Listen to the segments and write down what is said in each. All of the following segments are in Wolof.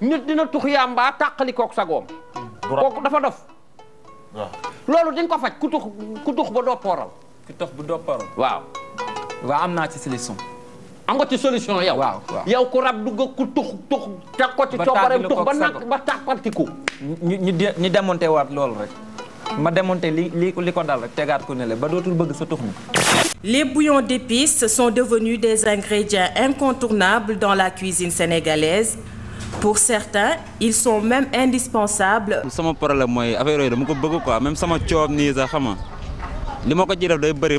nit dina tux yàmbaa tàqalikoog sagoom kooku dafa dof loolu dañ ko faj ku tux ku ba doppooral ku tux bu doppooral waaw waaw am naa ci solution am nga ci solution yow waaw yow ku rab dugg ku tux tux teg ko ci coobareem tux ba nag ba tàppaltiku ñu ñu démonté waat loolu rek ma démonté li li li ko dal rek tegaat ko ne le ba dootul bëgg sa tux mi Les bouillons d'épices sont devenus des ingrédients incontournables dans la cuisine sénégalaise pour certains ils sont même indispensables. sama problème mooy affaire yooyu dama ko bëgg quoi même sama coob nii sax xam li ma ko ci def day bëri.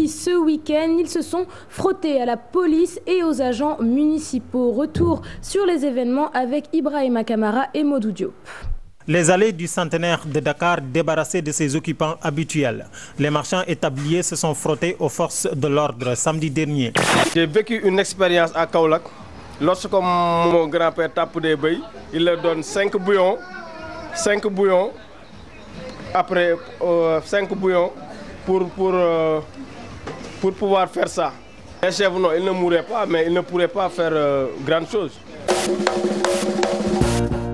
qui, ce week-end, ils se la police et aux agents municipaux. Retour sur les événements avec Ibrahima Kamara et Modou Diop. Les allées du centenaire de Dakar débarrassées de ses occupants habituels. Les marchands établiers se sont frottés aux forces de l'ordre samedi dernier. J'ai vécu une expérience à Kaolack. Lorsque mon grand-père tape des bœufs, il leur donne euh, bouillons, pour, euh, pour pouvoir faire ça. Les chefs, non, ils ne mourraient pas, mais ils ne pourraient pas faire euh, grande chose.